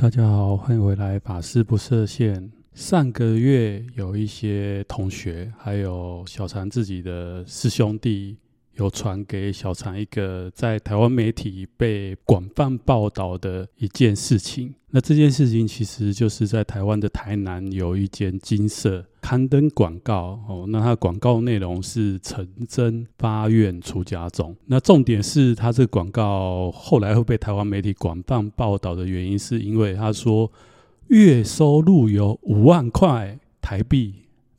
大家好，歡迎回來。法師不設限。上個月有一些同學，還有小禪自己的師兄弟，有傳給小禪一個在台灣媒體被廣泛報道的一件事情。那這件事情其實就是在台灣的台南有一間精舍。刊登廣告哦，那他廣告內容是誠徵發願出家眾。那重點是他這個廣告後來會被台灣媒體廣泛報道的原因，是因為他說月收入有五萬塊台幣。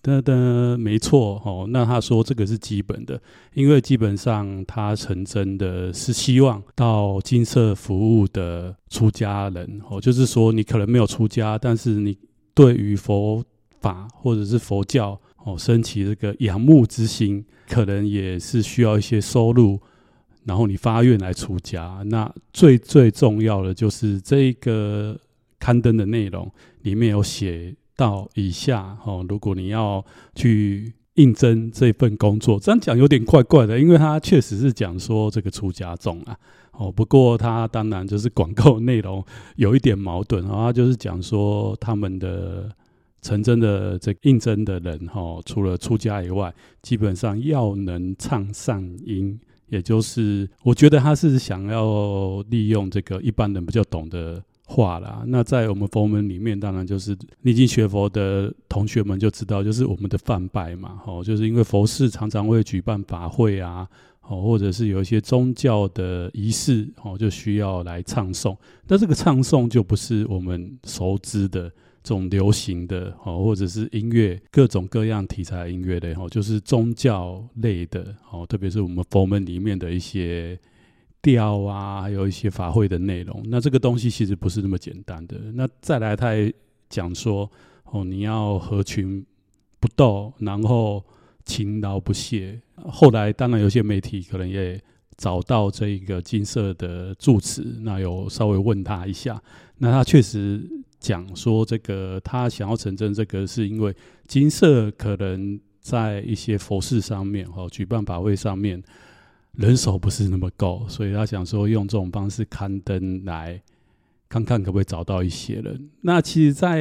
噔噔，沒錯哦。那他說這個是基本的，因為基本上他誠徵的是希望到金色服務的出家人哦，就是說你可能沒有出家，但是你對於佛法或者是佛教哦，升起這個仰慕之心，可能也是需要一些收入，然後你發願來出家。那最最重要的就是這個刊登的內容裡面有寫到以下哦，如果你要去應徵這份工作，這樣講有點怪怪的，因為他確實是講說這個出家眾啊哦，不過他當然就是廣告內容有一點矛盾啊，他就是講說他們的。成真的這應徵的人哈，除了出家以外，基本上要能唱上音，也就是我覺得他是想要利用這個一般人比較懂的話啦。那在我們佛門裡面，當然就是已經學佛的同學們就知道，就是我們的梵唄嘛，吼，就是因為佛寺常常會舉辦法會啊，哦，或者是有一些宗教的儀式，哦，就需要來唱誦。但這個唱誦就不是我們熟知的。這種流行的，或者是音樂，各種各樣題材音樂類的，就是宗教類的，特別是我們佛門裡面的一些調啊，還有一些法會的內容。那這個東西其實不是那麼簡單的。那再來，他也講說哦，你要合群不鬥，然後勤勞不懈。後來當然有些媒體可能也找到這一個金色的住持，那有稍微問他一下，那他確實。講說這個他想要徵人，這個是因為精舍可能在一些佛事上面哈，舉辦法會上面人手不是那麼夠，所以他想說用這種方式刊登來看看可不可以找到一些人。那其實，在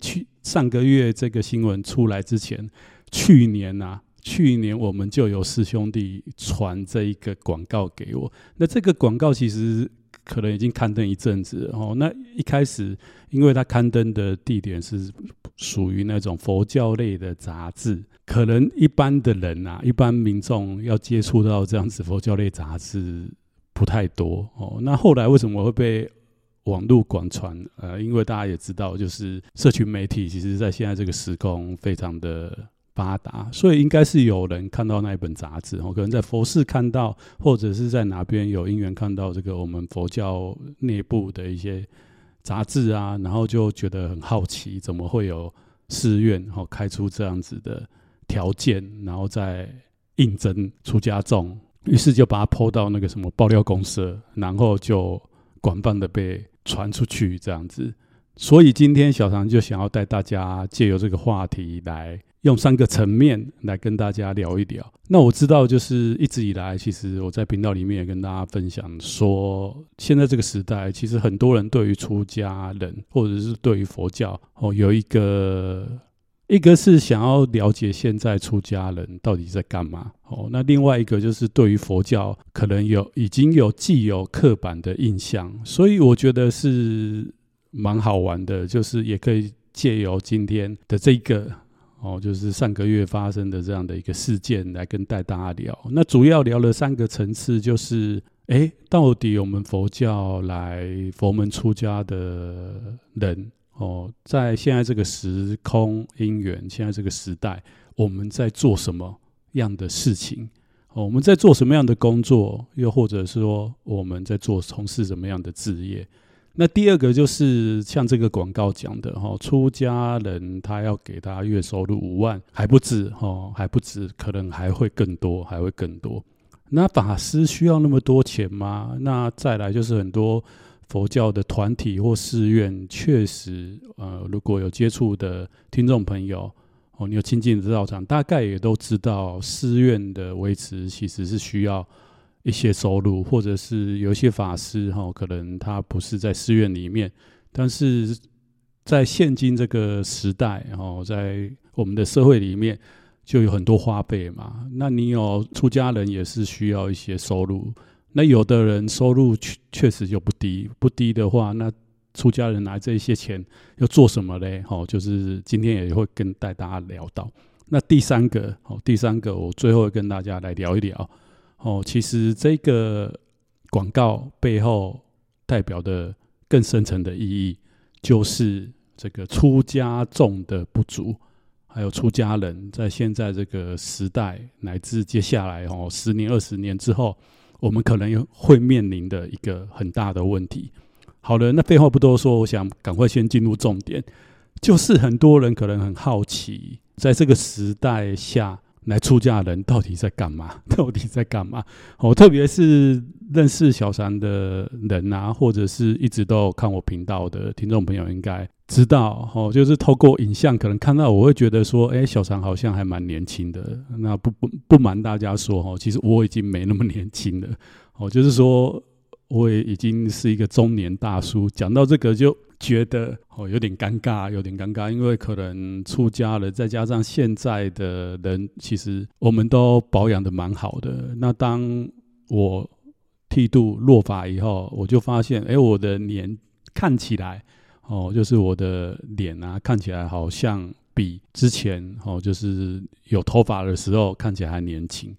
去上個月這個新聞出來之前，去年啊，去年我們就有師兄弟傳這一個廣告給我。那這個廣告其實。可能已經刊登一陣子哦，那一開始，因為他刊登的地點是屬於那種佛教類的雜誌，可能一般的人啊，一般民眾要接觸到這樣子佛教類雜誌不太多哦。那後來為什麼會被網絡廣傳？呃，因為大家也知道，就是社群媒體其實在現在這個時空非常的。發達，所以應該是有人看到那一本雜誌哦，可能在佛寺看到，或者是在哪邊有因緣看到這個我們佛教內部的一些雜誌啊，然後就覺得很好奇，怎麼會有寺院開出這樣子的條件，然後再應徵出家眾，於是就把它拋到那個什麼爆料公社，然後就廣泛的被傳出去這樣子。所以今天小禪就想要帶大家借由這個話題來，用三個層面來跟大家聊一聊。那我知道，就是一直以來，其實我在頻道裡面也跟大家分享說，現在這個時代，其實很多人對於出家人或者是對於佛教哦，有一個一個是想要了解現在出家人到底在幹嘛哦，那另外一個就是對於佛教可能有已經有既有刻板的印象，所以我覺得是。蠻好玩的，就是也可以借由今天的這個哦，就是上個月發生的這樣的一個事件來跟帶大家聊。那主要聊了三個層次，就是哎、欸，到底我們佛教來佛門出家的人哦，在現在這個時空因緣，現在這個時代，我們在做什麼樣的事情？我們在做什麼樣的工作？又或者說，我們在做從事什麼樣的職業？那第二個就是像這個廣告講的哈，出家人他要給他月收入五萬，還不止哈，還不止，可能還會更多，還會更多。那法師需要那麼多錢嗎？那再來就是很多佛教的團體或寺院，確實，呃，如果有接觸的聽眾朋友哦，你有親近的道場，大概也都知道寺院的維持其實是需要。一些收入，或者是有一些法師哈，可能他不是在寺院裡面，但是在現今這個時代，然後在我們的社會裡面，就有很多花費嘛。那你有出家人也是需要一些收入，那有的人收入確確實就不低，不低的話，那出家人拿這些錢要做什麼嘞？哦，就是今天也會跟帶大家聊到。那第三個，哦，第三個，我最後跟大家來聊一聊。哦，其實這個廣告背後代表的更深層的意義，就是這個出家眾的不足，還有出家人在現在這個時代乃至接下來哦，十年、二十年之後，我們可能會面臨的一個很大的問題。好了，那廢話不多說，我想趕快先進入重點，就是很多人可能很好奇，在這個時代下。來出家的人到底在幹嘛？到底在幹嘛？哦，特別是認識小禪的人啊，或者是一直都有看我頻道的聽眾朋友，應該知道哦。就是透過影像，可能看到我會覺得說，哎，小禪好像還蠻年輕的。那不不不瞞大家說哦，其實我已經沒那麼年輕了。哦，就是說。我也已經是一個中年大叔，講到這個就覺得，哦，有點尷尬，有點尷尬，因為可能出家了，再加上現在的人其實我們都保養得蠻好的。那當我剃度落髮以後，我就發現，哎，我的臉看起來哦，就是我的臉啊，看起來好像比之前哦，就是有頭髮的時候看起來還年輕。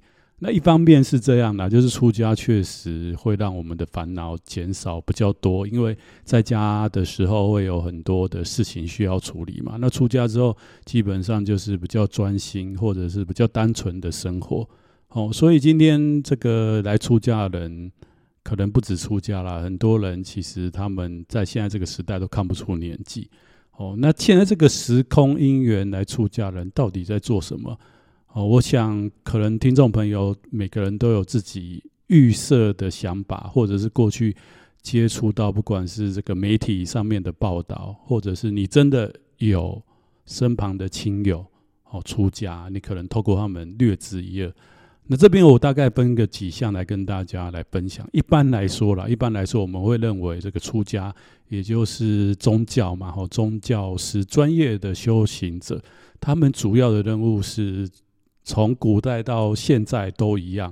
那一方面是這樣啦，就是出家確實會讓我們的煩惱減少比較多，因為在家的時候會有很多的事情需要處理嘛。那出家之後，基本上就是比較專心，或者是比較單純的生活。哦，所以今天這個來出家的人，可能不止出家啦，很多人其實他們在現在這個時代都看不出年紀。哦，那現在這個時空因緣來出家人到底在做什麼？我想可能聽眾朋友每個人都有自己預設的想法，或者是過去接觸到不管是這個媒體上面的報道，或者是你真的有身旁的親友哦，出家，你可能透過他們略知一二。那這邊我大概分個幾項來跟大家來分享。一般來說啦，一般來說我們會認為這個出家也就是宗教嘛，吼，宗教師，專業的修行者，他們主要的任務是，從古代到現在都一樣，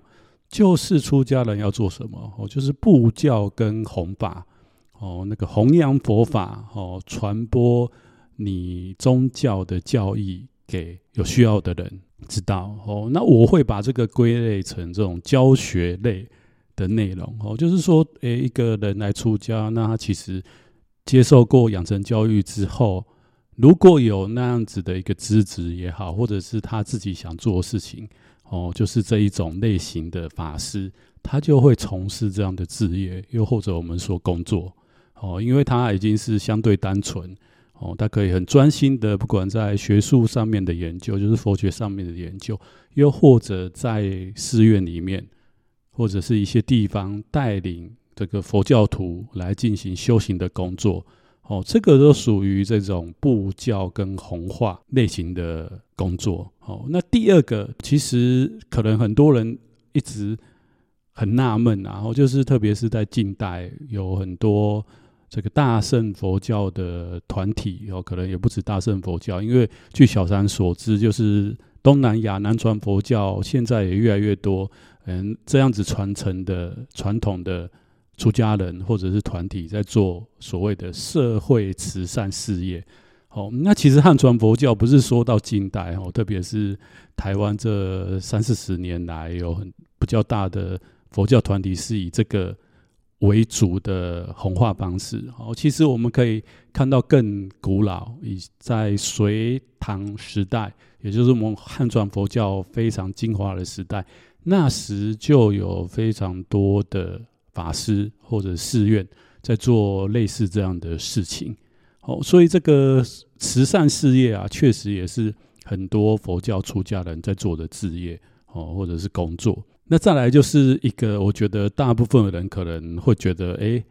就是出家人要做什麼哦，就是布教跟弘法哦，那個弘揚佛法哦，傳播你宗教的教義給有需要的人知道哦。那我會把這個歸類成這種教學類的內容哦，就是說，誒，一個人來出家，那他其實接受過養成教育之後。如果有那樣子的一個資質也好，或者是他自己想做的事情，哦，就是這一種類型的法師，他就會從事這樣的職業，又或者我們說工作，哦，因為他已經是相對單純，哦，他可以很專心的，不管在學術上面的研究，就是佛學上面的研究，又或者在寺院裡面，或者是一些地方帶領這個佛教徒來進行修行的工作。哦，這個都屬於這種布教跟弘化類型的工作。哦，那第二個，其實可能很多人一直很納悶，然後就是，特別是在近代，有很多這個大乘佛教的團體，然後可能也不止大乘佛教，因為據小禪所知，就是東南亞南傳佛教現在也越來越多，嗯，這樣子傳承的傳統的，出家人或者是團體在做所謂的社會慈善事業，好，那其實漢傳佛教不是說到近代哦，特別是台灣這三四十年來有很比較大的佛教團體是以這個為主的弘化方式。好，其實我們可以看到更古老，以在隋唐時代，也就是我們漢傳佛教非常精華的時代，那時就有非常多的。法師或者寺院在做類似這樣的事情，所以這個慈善事業啊，確實也是很多佛教出家人在做的事業，哦，或者是工作。那再來就是一個，我覺得大部分的人可能會覺得，哎，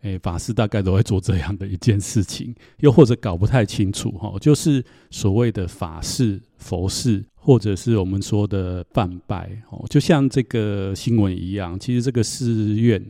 哎，法師大概都會做這樣的一件事情，又或者搞不太清楚，哈，就是所謂的法事、佛事。或者是我們說的梵唄哦，就像這個新聞一樣，其實這個寺院，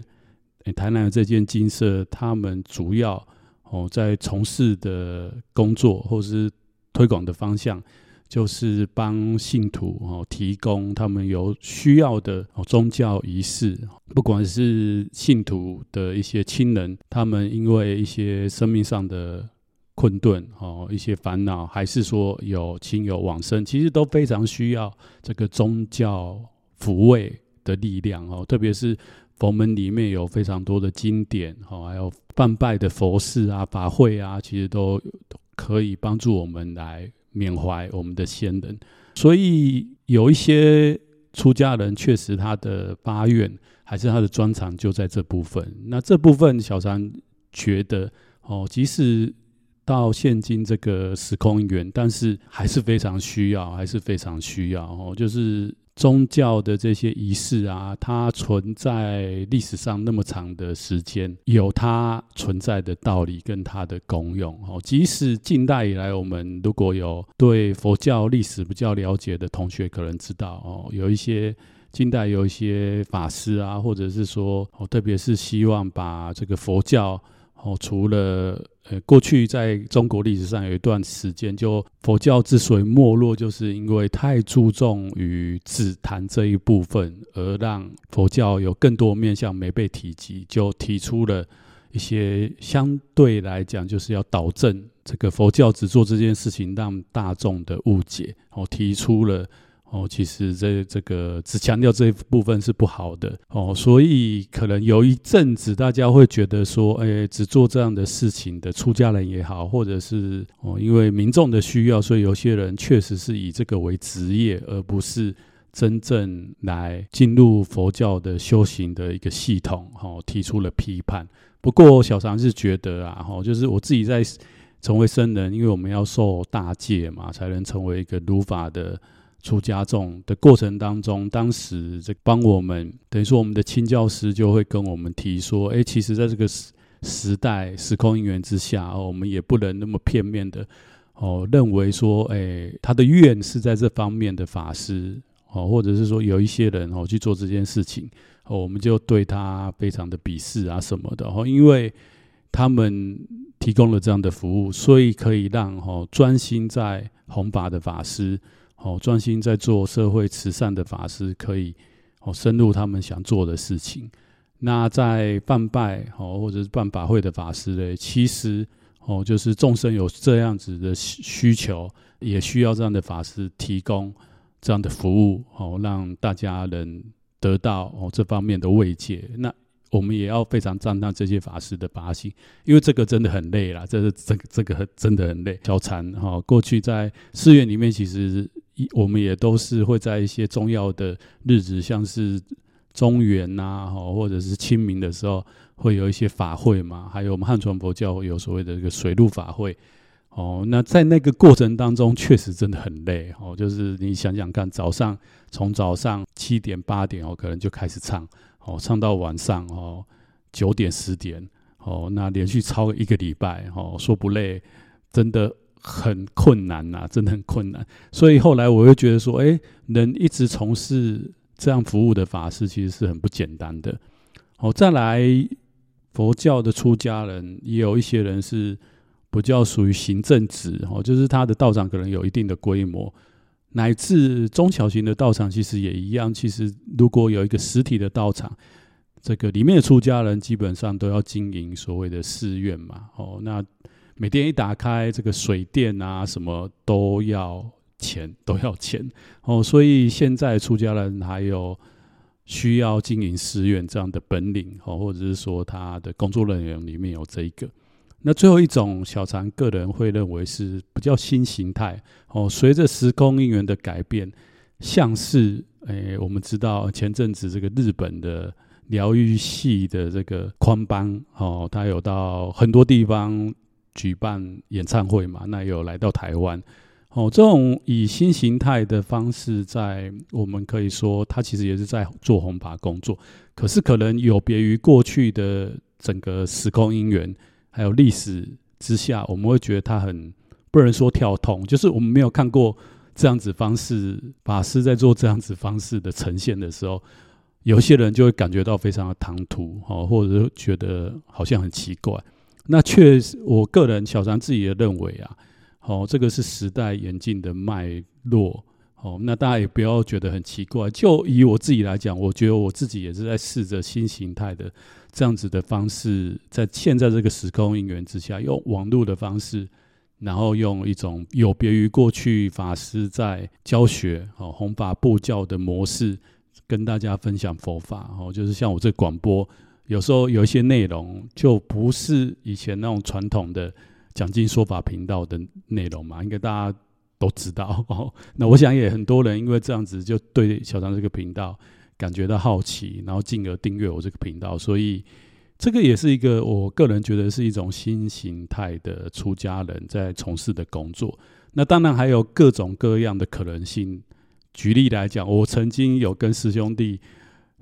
台南的這間精舍，他們主要哦在從事的工作，或是推廣的方向，就是幫信徒哦提供他們有需要的宗教儀式，不管是信徒的一些親人，他們因為一些生命上的。困頓，一些煩惱，還是說有親友往生，其實都非常需要這個宗教撫慰的力量哦。特別是佛門裡面有非常多的經典哦，還有梵唄的佛事啊、法會啊，其實都可以幫助我們來緬懷我們的先人。所以有一些出家人確實他的發願，還是他的專長就在這部分。那這部分小禪覺得哦，即使到現今這個時空遠，但是還是非常需要，還是非常需要哦。就是宗教的這些儀式啊，它存在歷史上那麼長的時間，有它存在的道理跟它的功用哦。即使近代以來，我們如果有對佛教歷史比較了解的同學，可能知道哦，有一些近代有一些法師啊，或者是說哦，特別是希望把這個佛教。哦，除了呃，過去在中國歷史上有一段時間，就佛教之所以沒落，就是因為太注重於只談這一部分，而讓佛教有更多面向沒被提及，就提出了一些相對來講就是要導正這個佛教只做這件事情讓大眾的誤解，哦，提出了。哦，其實這這個只強調這一部分是不好的哦，所以可能有一陣子大家會覺得說，誒，只做這樣的事情的出家人也好，或者是哦，因為民眾的需要，所以有些人確實是以這個為職業，而不是真正來進入佛教的修行的一個系統。哦，提出了批判。不過小禪是覺得啊，哈，就是我自己在成為僧人，因為我們要受大戒嘛，才能成為一個如法的。出家中的過程當中，當時這幫我們等於說我們的親教師就會跟我們提說：“誒，其實，在這個時時代時空因緣之下，哦，我們也不能那麼片面的哦，認為說，誒，他的願是在這方面的法師哦，或者是說有一些人哦去做這件事情，我們就對他非常的鄙視啊什麼的哦，因為他們提供了這樣的服務，所以可以讓哦專心在弘法的法師。”哦，專心在做社會慈善的法師，可以哦深入他們想做的事情。那在辦拜哦，或者是辦法會的法師呢，其實哦，就是眾生有這樣子的需求，也需要這樣的法師提供這樣的服務，哦讓大家能得到哦這方面的慰藉。那我們也要非常讚嘆這些法師的法行，因為這個真的很累啦，這個這個這個真的很累。小禪哈，過去在寺院裡面，其實我們也都是會在一些重要的日子，像是中元吶，或者是清明的時候，會有一些法會嘛。還有我們漢傳佛教會有所謂的這個水陸法會哦、喔。那在那個過程當中，確實真的很累哦、喔，就是你想想看，早上從早上七點八點哦、喔，可能就開始唱。哦，唱到晚上哦，九點十點哦，那連續超一個禮拜哦，說不累真的很困難吶、啊，真的很困難。所以後來我會覺得說，哎、欸，能一直從事這樣服務的法師，其實是很不簡單的。哦，再來佛教的出家人，也有一些人是比較屬於行政職哦，就是他的道場可能有一定的規模。乃至中小型的道場其實也一樣，其實如果有一個實體的道場，這個裡面的出家人基本上都要經營所謂的寺院嘛。哦，那每天一打開這個水電啊，什麼都要錢，都要錢。哦，所以現在出家人還有需要經營寺院這樣的本領，哦，或者是說他的工作人員裡面有這一個。那最後一種小禪，個人會認為是比較新形態哦。隨着時空因緣的改變，像是誒、哎，我們知道前陣子這個日本的療癒系的這個寬邦哦，他有到很多地方舉辦演唱會嘛，那有來到台灣哦。這種以新形態的方式，在我們可以說，他其實也是在做弘法工作，可是可能有別於過去的整個時空因緣。還有歷史之下，我們會覺得它很不能說跳通，就是我們沒有看過這樣子方式法師在做這樣子方式的呈現的時候，有些人就會感覺到非常的唐突或者是覺得好像很奇怪。那確實，我個人小禪自己也認為啊，哦，這個是時代演進的脈絡，哦，那大家也不要覺得很奇怪。就以我自己來講，我覺得我自己也是在試着新形態的。這樣子的方式，在現在這個時空因緣之下，用網絡的方式，然後用一種有別於過去法師在教學、哦弘法布教的模式，跟大家分享佛法。就是像我這廣播，有時候有一些內容就不是以前那種傳統的講經說法頻道的內容嘛，應該大家都知道。那我想也很多人因為這樣子，就對小禪這個頻道，感覺到好奇，然後進而訂閱我這個頻道，所以這個也是一個我個人覺得是一種新形態的出家人在從事的工作。那當然還有各種各樣的可能性。舉例來講，我曾經有跟師兄弟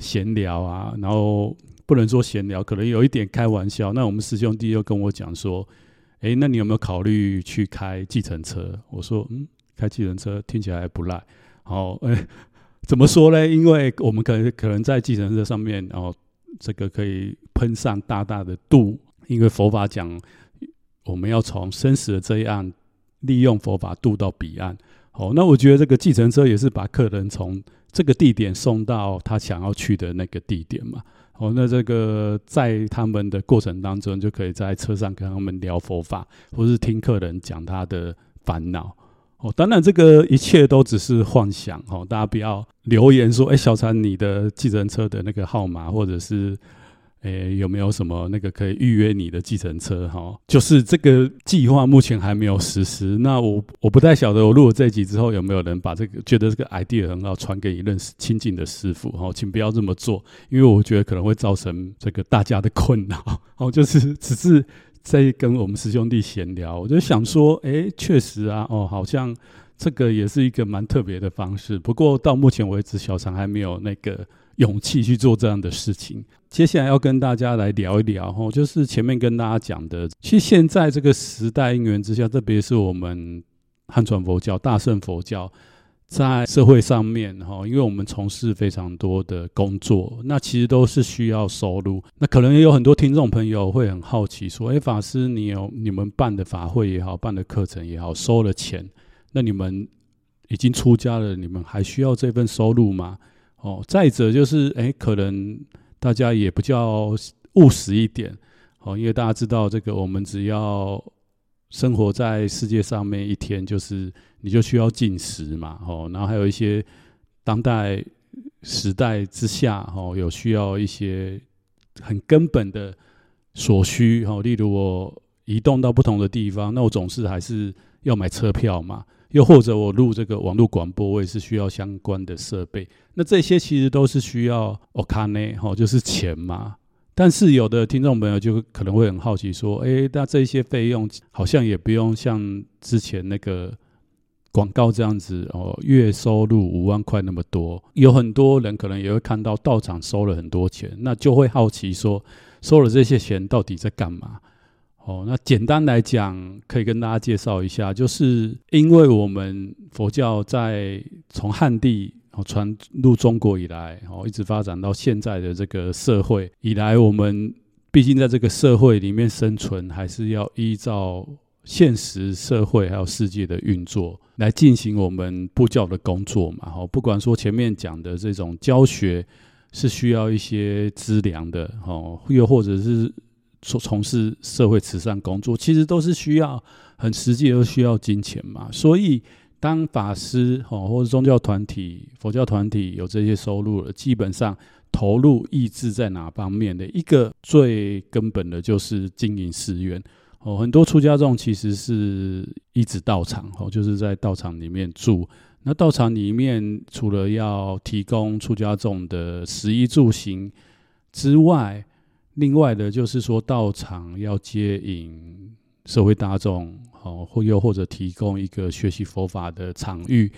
閒聊啊，然後不能說閒聊，可能有一點開玩笑。那我們師兄弟又跟我講說：“哎，那你有沒有考慮去開計程車？”我說：“嗯，開計程車聽起來不賴。”好，哎。怎麼說呢？因為我們可能可能在計程車上面，哦，這個可以噴上大大的渡。因為佛法講，我們要從生死的這一岸，利用佛法渡到彼岸。好，哦，那我覺得這個計程車也是把客人從這個地點送到他想要去的那個地點嘛。好，哦，那這個在他們的過程當中，就可以在車上跟他們聊佛法，或是聽客人講他的煩惱。哦，當然，這個一切都只是幻想哦，大家不要留言說，哎，小禪，你的計程車的那個號碼，或者是，哎，有沒有什麼那個可以預約你的計程車？哈，就是這個計劃目前還沒有實施。那我我不太曉得，我錄了這一集之後，有沒有人把這個覺得這個 idea 很好傳給你認識親近的師傅？哈，請不要這麼做，因為我覺得可能會造成這個大家的困擾。哦，就是只是。在跟我們師兄弟閒聊，我就想說，哎，確實啊，哦，好像這個也是一個蠻特別的方式。不過到目前為止，小禪還沒有那個勇氣去做這樣的事情。接下來要跟大家來聊一聊，吼，就是前面跟大家講的，其實現在這個時代因緣之下，特別是我們漢傳佛教、大乘佛教。在社會上面，哈，因為我們從事非常多的工作，那其實都是需要收入。那可能也有很多聽眾朋友會很好奇，說：“哎，法師，你有你們辦的法會也好，辦的課程也好，收了錢，那你們已經出家了，你們還需要這份收入嗎？”哦，再者就是，哎，可能大家也比較務實一點，哦，因為大家知道這個，我們只要。生活在世界上面一天，就是你就需要進食嘛，吼，然後還有一些當代時代之下，吼，有需要一些很根本的所需，吼，例如我移動到不同的地方，那我總是還是要買車票嘛，又或者我錄這個網絡廣播，我也是需要相關的設備，那這些其實都是需要お金，哦，就是錢嘛。但是有的聽眾朋友就可能會很好奇說，哎，那這些費用好像也不用像之前那個廣告這樣子哦，月收入五萬塊那麼多，有很多人可能也會看到道場收了很多錢，那就會好奇說，收了這些錢到底在幹嘛？哦，那簡單來講，可以跟大家介紹一下，就是因為我們佛教在從漢地。然傳入中國以來，哦，一直發展到現在的這個社會以來，我們畢竟在這個社會裡面生存，還是要依照現實社會還有世界的運作來進行我們布教的工作嘛。不管說前面講的這種教學是需要一些資糧的，又或者是從從事社會慈善工作，其實都是需要很實際，都需要金錢嘛。所以。當法師或者宗教團體、佛教團體有這些收入了，基本上投入意志在哪方面的一個最根本的，就是經營寺院哦。很多出家眾其實是依止道場哦，就是在道場裡面住。那道場裡面除了要提供出家眾的食衣住行之外，另外的就是說道場要接引社會大眾。哦，或又或者提供一個學習佛法的場域，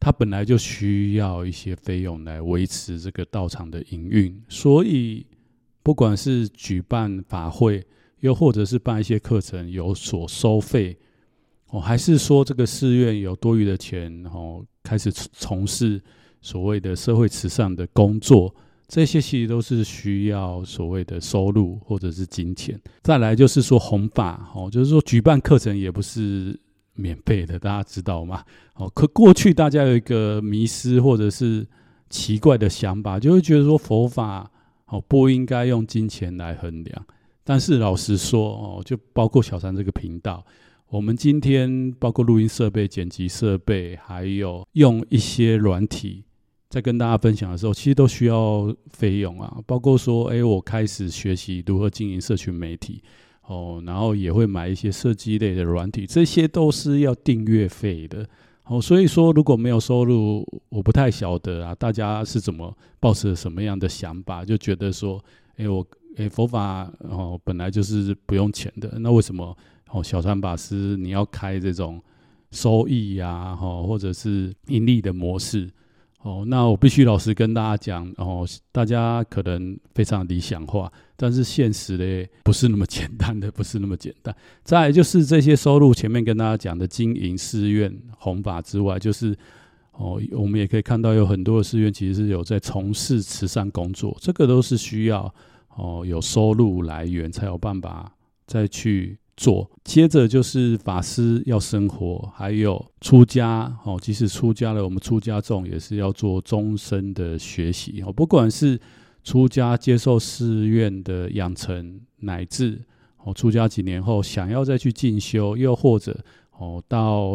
它本來就需要一些費用來維持這個道場的營運，所以不管是舉辦法會，又或者是辦一些課程有所收費，哦，還是說這個寺院有多餘的錢，哦，開始從從事所謂的社會慈善的工作。這些其實都是需要所謂的收入或者是金錢。再來就是說弘法哦，就是說舉辦課程也不是免費的，大家知道嗎？哦，可過去大家有一個迷思或者是奇怪的想法，就會覺得說佛法哦，不應該用金錢來衡量。但是老實說哦，就包括小禪這個頻道，我們今天包括錄音設備、剪輯設備，還有用一些軟體。在跟大家分享的時候，其實都需要費用啊，包括說，哎、欸，我開始學習如何經營社群媒體，哦，然後也會買一些設計類的軟體，這些都是要訂閱費的、哦。所以說如果沒有收入，我不太曉得啊，大家是怎麼抱持什麼樣的想法，就覺得說，哎、欸，我哎、欸、佛法哦本來就是不用錢的，那為什麼哦小禪法師你要開這種收益呀、啊，哦或者是盈利的模式？哦，那我必須老實跟大家講，哦，大家可能非常理想化，但是現實嘞，不是那麼簡單的，不是那麼簡單。再來就是這些收入，前面跟大家講的經營寺院、弘法之外，就是哦，我們也可以看到有很多的寺院其實是有在從事慈善工作，這個都是需要哦有收入來源才有辦法再去。做，接着就是法師要生活，還有出家哦。即使出家了，我們出家眾也是要做終身的學習哦。不管是出家接受寺院的養成，乃至哦出家幾年後想要再去進修，又或者哦到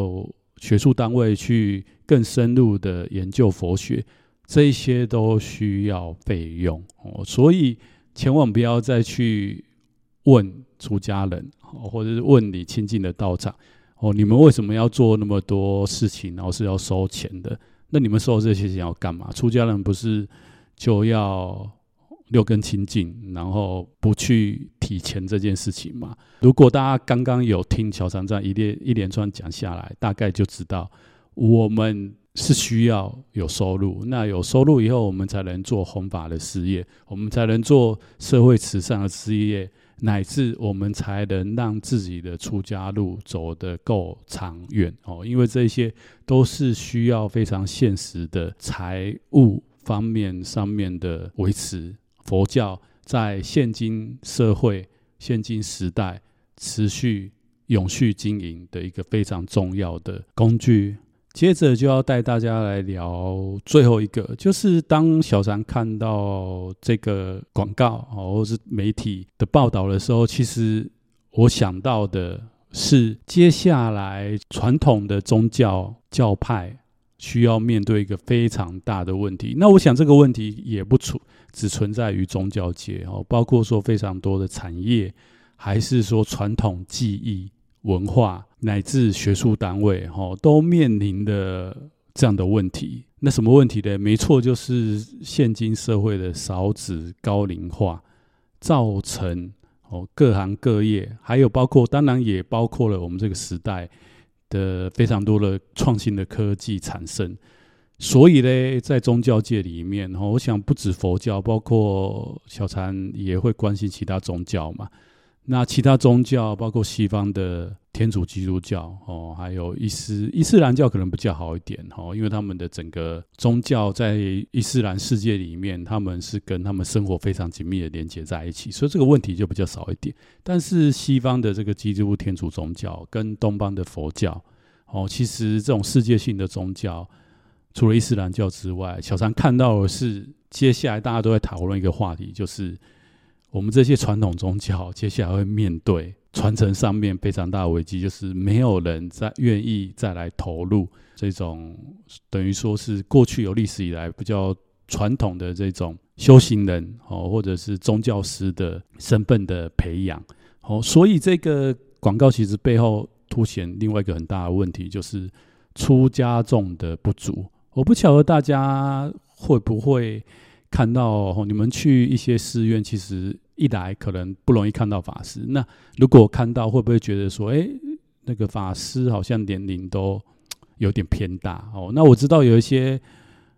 學術單位去更深入的研究佛學，這些都需要費用哦。所以千萬不要再去問出家人。哦，或者是問你親近的道場，哦，你們為什麼要做那麼多事情，然後是要收錢的？那你們收這些錢要幹嘛？出家人不是就要六根清淨，然後不去提錢這件事情嗎？如果大家剛剛有聽喬山這樣，一連一連串講下來，大概就知道我們是需要有收入，那有收入以後，我們才能做弘法的事業，我們才能做社會慈善的事業。乃至我們才能讓自己的出家路走得夠長遠哦，因為這些都是需要非常現實的財務方面上面的維持。佛教在現今社會、現今時代持續永續經營的一個非常重要的工具。接着就要帶大家來聊最後一個，就是當小禪看到這個廣告哦，或是媒體的報道的時候，其實我想到的是，接下來傳統的宗教教派需要面對一個非常大的問題。那我想這個問題也不存，只存在於宗教界哦，包括說非常多的產業，還是說傳統技藝文化。乃至學術單位，哈，都面臨的這樣的問題。那什麼問題呢？沒錯，就是現今社會的少子高齡化，造成哦各行各業，還有包括當然也包括了我們這個時代的非常多的創新的科技產生。所以呢，在宗教界裡面，然後我想不止佛教，包括小禪也會關心其他宗教嘛。那其他宗教，包括西方的天主基督教，哦，還有伊斯伊斯蘭教，可能比較好一點，哦，因為他們的整個宗教在伊斯蘭世界裡面，他們是跟他們生活非常緊密的連接在一起，所以這個問題就比較少一點。但是西方的這個基督天主宗教跟東方的佛教，哦，其實這種世界性的宗教，除了伊斯蘭教之外，小禪看到的是接下來大家都在討論一個話題，就是。我們這些傳統宗教接下來會面對傳承上面非常大的危機，就是沒有人再願意再來投入這種等於說是過去有歷史以來比較傳統的這種修行人，或者是宗教師的身份的培養。所以這個廣告其實背後凸顯另外一個很大的問題，就是出家眾的不足。我不曉得大家會不會看到你們去一些寺院，其實。一來可能不容易看到法師，那如果看到會不會覺得說，哎，那個法師好像年齡都有點偏大哦？那我知道有一些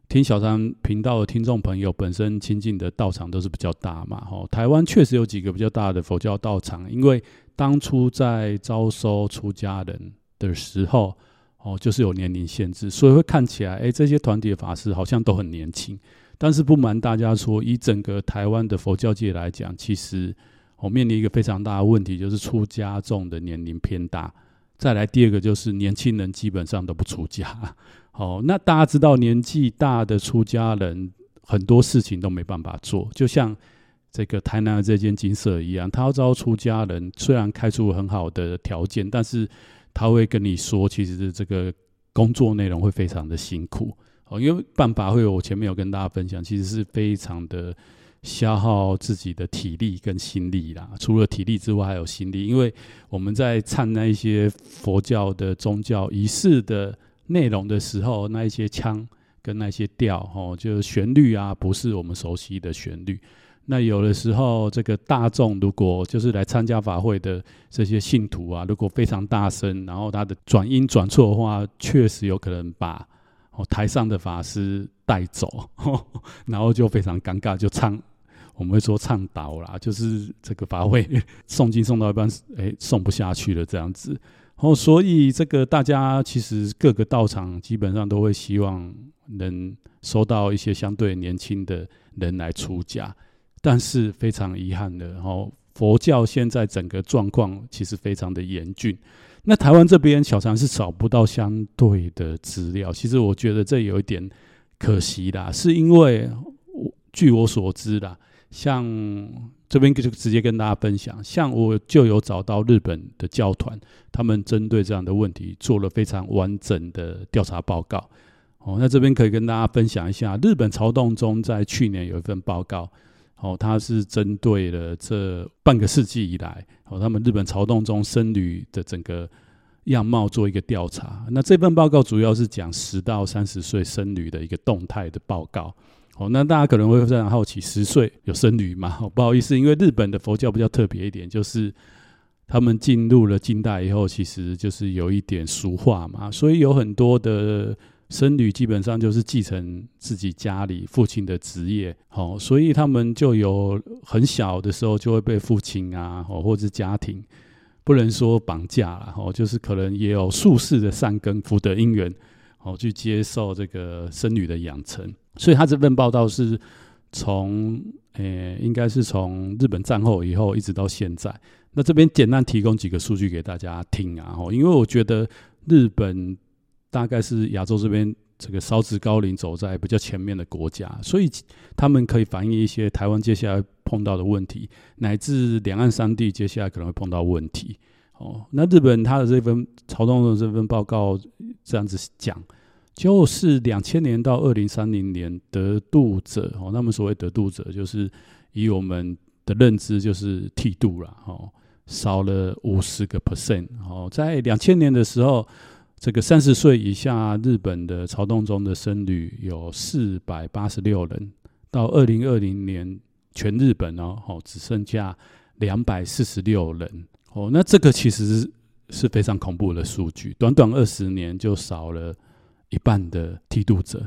聽小三頻道的聽眾朋友本身親近的道場都是比較大嘛，哦，台灣確實有幾個比較大的佛教道場，因為當初在招收出家人的時候，哦，就是有年齡限制，所以會看起來，哎，這些團體的法師好像都很年輕。但是不瞞大家說，以整個台灣的佛教界來講，其實我面臨一個非常大的問題，就是出家眾的年齡偏大。再來第二個就是年輕人基本上都不出家。好，那大家知道年紀大的出家人很多事情都沒辦法做，就像這個台南的這間精舍一樣，他要招出家人，雖然開出很好的條件，但是他會跟你說，其實這個工作內容會非常的辛苦。哦，因為辦法會，我前面有跟大家分享，其實是非常的消耗自己的體力跟心力啦。除了體力之外，還有心力，因為我們在唱那一些佛教的宗教儀式的內容的時候，那一些腔跟那些調哦，就是旋律啊，不是我們熟悉的旋律。那有的時候，這個大眾如果就是來參加法會的這些信徒啊，如果非常大聲，然後他的轉音轉錯的話，確實有可能把。哦，台上的法師帶走，然後就非常尷尬，就唱，我們會說唱導啦，就是這個法會誦經誦到一半，誦不下去了這樣子。然後、哦，所以這個大家其實各個道場基本上都會希望能收到一些相對年輕的人來出家，但是非常遺憾的、哦，佛教現在整個狀況其實非常的嚴峻。那台灣這邊小禪是找不到相對的資料，其實我覺得這有一點可惜啦，是因為我據我所知啦，像這邊就直接跟大家分享，像我就有找到日本的教團，他們針對這樣的問題做了非常完整的調查報告。哦，那這邊可以跟大家分享一下，日本曹洞宗在去年有一份報告。哦，它是針對了這半個世紀以來，哦，他們日本曹洞宗僧侶的整個樣貌做一個調查。那這份報告主要是講十到三十歲僧侶的一個動態的報告。哦，那大家可能會非常好奇，十歲有僧侶嗎？不好意思，因為日本的佛教比較特別一點，就是他們進入了近代以後，其實就是有一點俗化嘛，所以有很多的。僧侶基本上就是繼承自己家裡父親的職業，好，所以他們就有很小的時候就會被父親啊，或或者是家庭不能說綁架了，哦，就是可能也有宿世的善根福德因緣，哦，去接受這個僧侶的養成。所以他這份報道是從，呃，應該是從日本戰後以後一直到現在。那這邊簡單提供幾個數據給大家聽啊，哦，因為我覺得日本。大概是亞洲這邊這個少子高齡，走在比較前面的國家，所以他們可以反映一些台灣接下來碰到的問題，乃至兩岸三地接下來可能會碰到問題。哦，那日本他的這份曹洞宗的這份報告這樣子講，就是兩千年到二零三零年得度者哦，那麼所謂得度者就是以我們的認知，就是剃度了哦，少了五十個 percent 哦，在兩千年的時候。這個三十歲以下日本的曹洞宗的僧侶有四百八十六人，到二零二零年全日本哦，只剩下兩百四十六人哦。那這個其實是非常恐怖的數據，短短二十年就少了一半的剃度者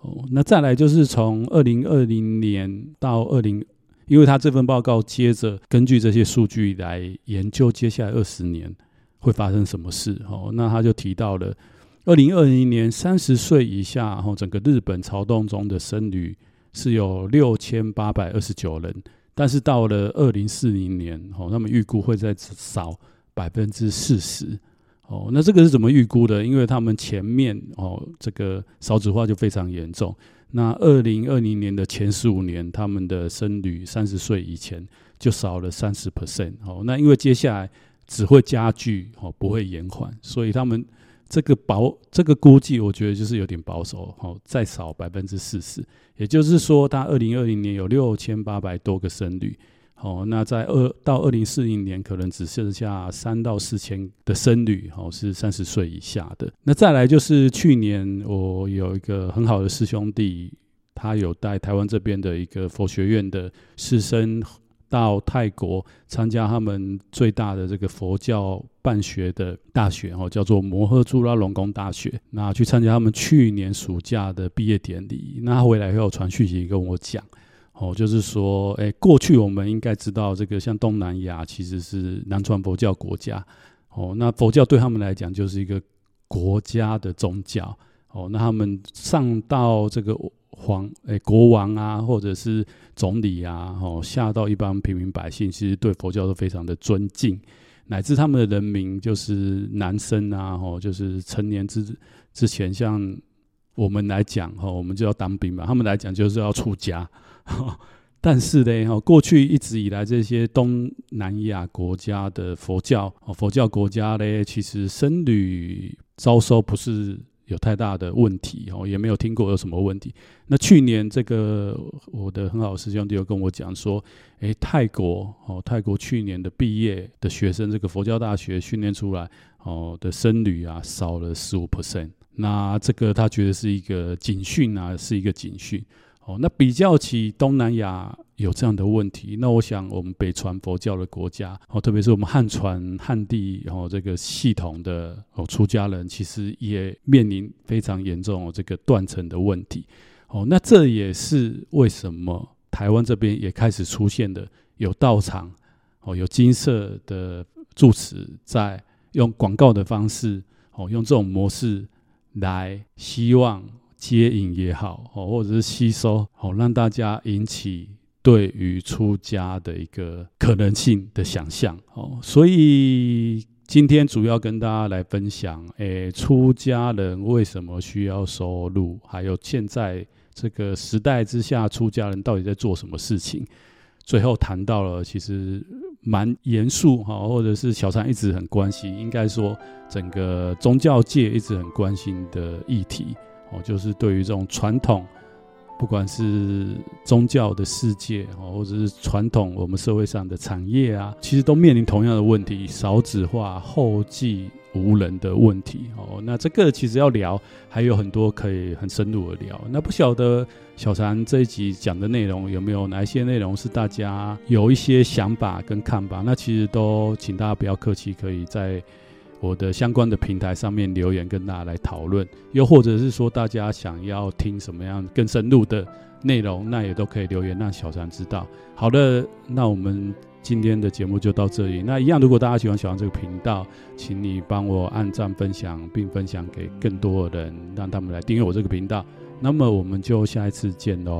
哦。那再來就是從二零二零年到二零，因為他這份報告接着根據這些數據來研究接下來二十年。會發生什麼事？哦，那他就提到了，二零二零年三十歲以下整個日本曹洞宗的僧侶是有六千八百二十九人，但是到了二零四零年，他們預估會再少百分之四十。哦，那這個是怎麼預估的？因為他們前面哦，這個少子化就非常嚴重。那二零二零年的前十五年，他們的僧侶三十歲以前就少了三十 percent。那因為接下來。只會加劇，不會延緩，所以他們這個保這個估計，我覺得就是有點保守哦，再少百分之四十，也就是說，他二零二零年有六千八百多個僧侶哦，那在二到二零四零年，可能只剩下三到四千的僧侶哦，是三十歲以下的。那再來就是去年，我有一個很好的師兄弟，他有帶台灣這邊的一個佛學院的師生。到泰國參加他們最大的這個佛教辦學的大學哦，叫做摩訶朱拉隆功大學。那去參加他們去年暑假的畢業典禮。那回來以後，傳訊息跟我講哦，就是說，哎，過去我們應該知道這個像東南亞其實是南傳佛教國家哦。那佛教對他們來講就是一個國家的宗教哦。那他們上到這個。皇誒、欸，國王啊，或者是總理啊，吼，下到一般平民百姓，其實對佛教都非常的尊敬，乃至他們的人民就是男生啊，吼，就是成年之之前，像我們來講吼，我們就要當兵嘛，他們來講就是要出家。但是呢，吼，過去一直以來這些東南亞國家的佛教，佛教國家呢，其實僧侶招收不是。有太大的問題哦，也沒有聽過有什麼問題。那去年這個我的很好的師兄弟又跟我講說，誒，泰國哦，泰國去年的畢業的學生，這個佛教大學訓練出來哦的僧侶啊，少了十五 percent。那這個他覺得是一個警訊啊，是一個警訊。哦，那比較起東南亞。有這樣的問題，那我想我們北傳佛教的國家，哦，特別是我們漢傳漢地，然後這個系統的哦出家人，其實也面臨非常嚴重哦這個斷層的問題，哦，那這也是為什麼台灣這邊也開始出現的有道場，哦，有金色的住持在用廣告的方式，哦，用這種模式來希望接引也好，哦，或者是吸收，哦，讓大家引起。對於出家的一個可能性的想象哦，所以今天主要跟大家來分享，誒，出家人為什麼需要收入，還有現在這個時代之下，出家人到底在做什麼事情？最後談到了其實蠻嚴肅哈，或者是小禪一直很關心，應該說整個宗教界一直很關心的議題哦，就是對於這種傳統。不管是宗教的世界哦，或者是傳統我們社會上的產業啊，其實都面臨同樣的問題：少子化、後繼無人的問題。哦，那這個其實要聊還有很多可以很深入的聊。那不曉得小禪這一集講的內容有沒有哪一些內容是大家有一些想法跟看法？那其實都請大家不要客氣，可以在。我的相關的平台上面留言跟大家來討論，又或者是說大家想要聽什麼樣更深入的內容，那也都可以留言讓小禪知道。好的，那我們今天的節目就到這裡。那一樣，如果大家喜歡小禪這個頻道，請你幫我按讚、分享，並分享給更多人，讓他們來訂閱我這個頻道。那麼我們就下一次見嘍。